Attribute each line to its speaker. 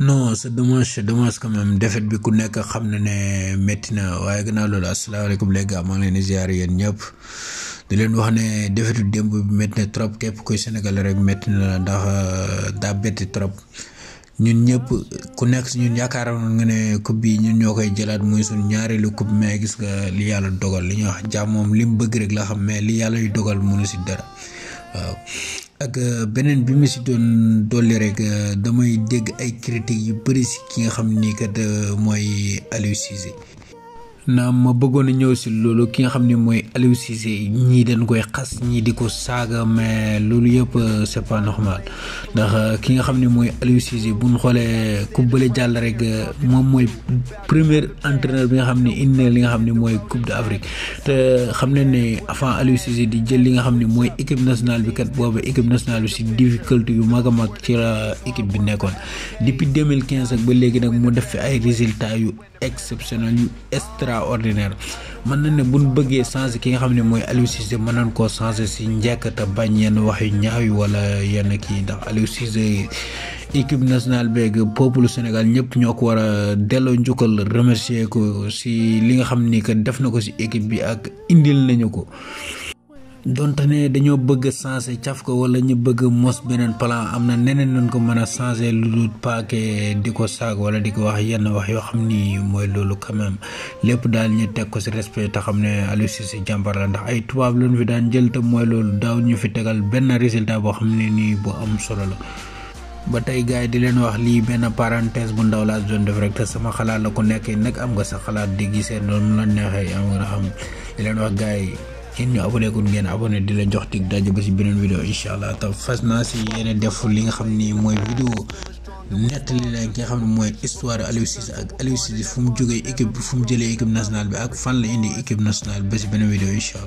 Speaker 1: non c'est dommage c'est dommage quand même bi ku nekk xam na ne métti na waaye gannaaw loolu asalaamaaleykum les gars maa ngi leen di ziare yéen ñëpp di leen wax ne défaite démb bi métti trop képp kuy Sénégal rek métti na ndax euh, daa betti trop ñun ñëpp ku nekk si ñun yaakaaroon nga ne coupe bii ñun ñoo koy jëlaat muy suñ ñaareelu coupe mais gis nga li yàlla dogal li ñuy wax jàmm moom li mu bëgg rek la xam mais li yàlla yu dogal mënu si dara waaw. ak euh, beneen bi mu si doon dolli rek euh, damay dégg ay critiques yu bëri si ki nga xam ni kat euh, mooy Aliou Cissé na ma bëggoon ñëw si loolu ki nga xam ne mooy Aliou Cissé ñii dañ koy xas ñii di ko saaga mais loolu yëpp euh, c'est pas normal ndax euh, ki nga xam ne mooy Aliou Cissé bu ñu xoolee ku bële jàll rek euh, moom mooy premier entraîneur bi nga xam ne indi li nga xam ne mooy Coupe d'Afrique te xam ne ne avant Aliou Cissé di jël li nga xam ne mooy équipe nationale bi kat boobu équipe nationale bi si difficulté yu mag a mag ci la équipe bi nekkoon depuis ak ba léegi nag mo def fi ay extraordinaire mën nañ ne buñ bëggee changer ki nga xam ne mooy Aliou mën nañ koo changer si njëkk te bañ yenn wax yu ñaaw yi wala yenn kii ndax Aliou Cissé équipe nationale beeg peuple Sénégal ñëpp ñoo ko war a delloo njukkal remercier ko si li nga xam ni que def na ko si équipe bi ak indil nañu ko. dont ne dañoo bëgg a caf ko wala ñu bëgg mos beneen plan am na neneen luñ ko mën a changé lu dul paake di ko saag wala di ko wax yenn wax yoo xam ni mooy loolu quand même lépp daal ñu teg ko si respect te xam ne Aliou Cissé jàmbar la ndax ay fi daan jël mooy loolu daaw ñu fi tegal benn résultat boo xam ne nii bu am solo la. ba tey gars yi di leen wax lii benn parenthèse bu ndaw laa doon def rek te sama xalaat la ko nekk nag am nga sa xalaat di gisee noonu la neexee am nga xam di leen wax gars yi yéen ñu abonné ku ngeen abonné di la jox dig daje ba ci beneen vidéo incha allah te fas naa ci yéen def li nga xam ni mooy vidéo nettali leen ki nga xam ne mooy histoire Aliou Cissé ak Aliou fu mu jógee équipe bi fu mu jëlee équipe nationale bi ak fan la indi équipe nationale ba ci beneen vidéo incha